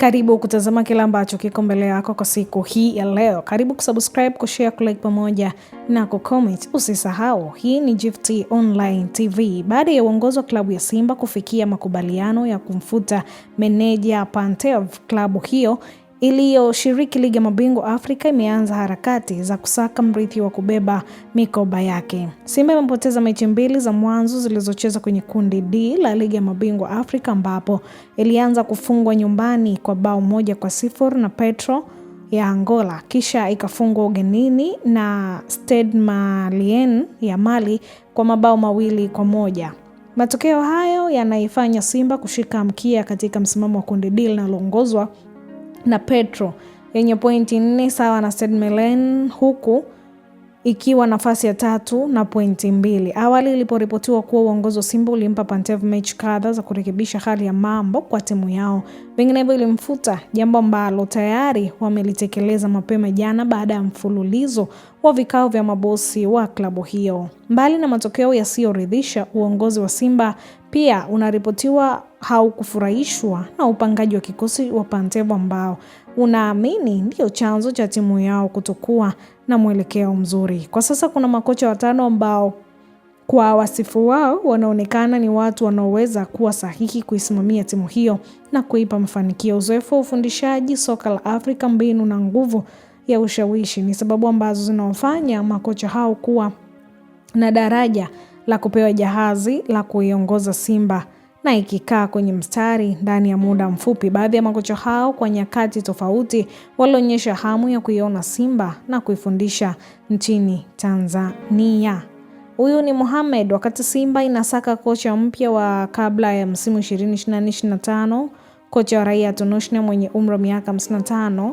Karibu kutazama kile ambacho kiko mbele yako kwa siku hii ya leo. Karibu kusubscribe, kushare, kulike pamoja na kucomment. Usisahau, hii ni Gift Online TV. Baada ya uongozi wa klabu ya Simba kufikia makubaliano ya kumfuta meneja Pantev, klabu hiyo iliyoshiriki ligi ya mabingwa Afrika imeanza harakati za kusaka mrithi wa kubeba mikoba yake. Simba imepoteza mechi mbili za mwanzo zilizocheza kwenye kundi D la ligi ya mabingwa Afrika ambapo ilianza kufungwa nyumbani kwa bao moja kwa sifuri na Petro ya Angola kisha ikafungwa ugenini na Stade Malien ya Mali kwa mabao mawili kwa moja. Matokeo hayo yanaifanya Simba kushika mkia katika msimamo wa kundi D linaloongozwa na Petro yenye pointi nne sawa na Stade Malien huku ikiwa nafasi ya tatu na pointi mbili. Awali iliporipotiwa kuwa uongozi wa Simba ulimpa Pantev mechi kadha za kurekebisha hali ya mambo kwa timu yao, vinginevyo ilimfuta, jambo ambalo tayari wamelitekeleza mapema jana baada ya mfululizo wa vikao vya mabosi wa klabu hiyo. Mbali na matokeo yasiyoridhisha, uongozi wa Simba pia unaripotiwa haukufurahishwa na upangaji wa kikosi wa Pantevo ambao unaamini ndio chanzo cha timu yao kutokuwa na mwelekeo mzuri. Kwa sasa kuna makocha watano ambao kwa wasifu wao wanaonekana ni watu wanaoweza kuwa sahihi kuisimamia timu hiyo na kuipa mafanikio. Uzoefu wa ufundishaji, soka la Afrika, mbinu na nguvu ya ushawishi ni sababu ambazo zinaofanya makocha hao kuwa na daraja la kupewa jahazi la kuiongoza Simba na ikikaa kwenye mstari ndani ya muda mfupi. Baadhi ya makocha hao kwa nyakati tofauti walionyesha hamu ya kuiona Simba na kuifundisha nchini Tanzania. Huyu ni Mohamed. Wakati Simba inasaka kocha mpya wa kabla ya msimu 2024 kocha wa raia Tunisia mwenye umri wa miaka 55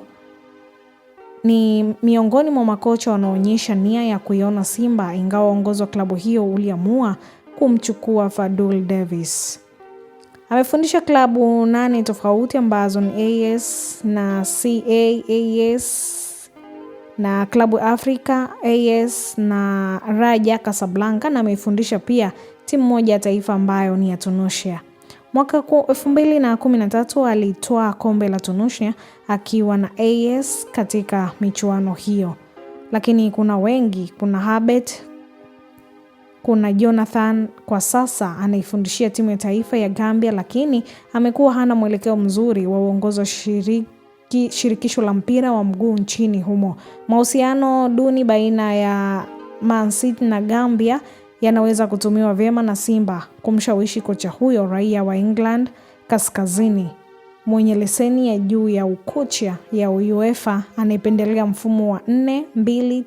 ni miongoni mwa makocha wanaoonyesha nia ya kuiona Simba, ingawa uongozi wa klabu hiyo uliamua kumchukua Fadul Davis. Amefundisha klabu nane tofauti ambazo ni AS na CA, AS na klabu Africa, AS na Raja Casablanca na ameifundisha pia timu moja ya taifa ambayo ni ya Tunisia. Mwaka 2013 alitoa kombe la Tunisia akiwa na AS katika michuano hiyo, lakini kuna wengi, kuna Habet, kuna Jonathan kwa sasa anaifundishia timu ya taifa ya Gambia, lakini amekuwa hana mwelekeo mzuri wa uongozi wa shirikisho la mpira wa mguu nchini humo. Mahusiano duni baina ya Man City na Gambia yanaweza kutumiwa vyema na Simba kumshawishi kocha huyo raia wa England kaskazini mwenye leseni ya juu ya ukocha ya UEFA anayependelea mfumo wa nne mbili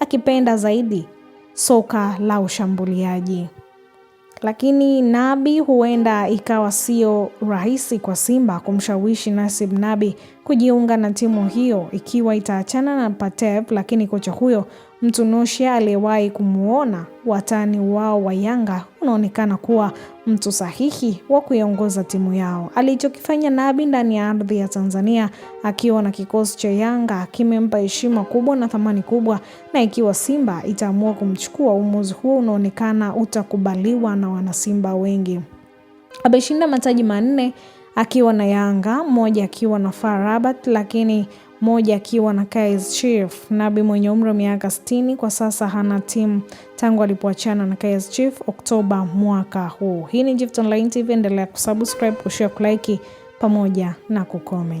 akipenda zaidi soka la ushambuliaji, lakini Nabi huenda ikawa sio rahisi kwa Simba kumshawishi Nasib Nabi kujiunga na timu hiyo ikiwa itaachana na Patep, lakini kocha huyo Mtunushi aliyewahi kumwona watani wao wa Yanga unaonekana kuwa mtu sahihi wa kuiongoza timu yao. Alichokifanya Nabi ndani ya ardhi ya Tanzania akiwa na kikosi cha Yanga kimempa heshima kubwa na thamani kubwa, na ikiwa Simba itaamua kumchukua, uamuzi huo unaonekana utakubaliwa na wanasimba wengi. Ameshinda mataji manne akiwa na Yanga, mmoja akiwa na FAR Rabat, lakini mmoja akiwa na Kaizer Chiefs. Nabi mwenye umri wa miaka 60 kwa sasa hana timu tangu alipoachana na Kaizer Chiefs Oktoba mwaka huu. Hii ni Gift Online TV, endelea kusubscribe, kushare, kulike pamoja na kucomment.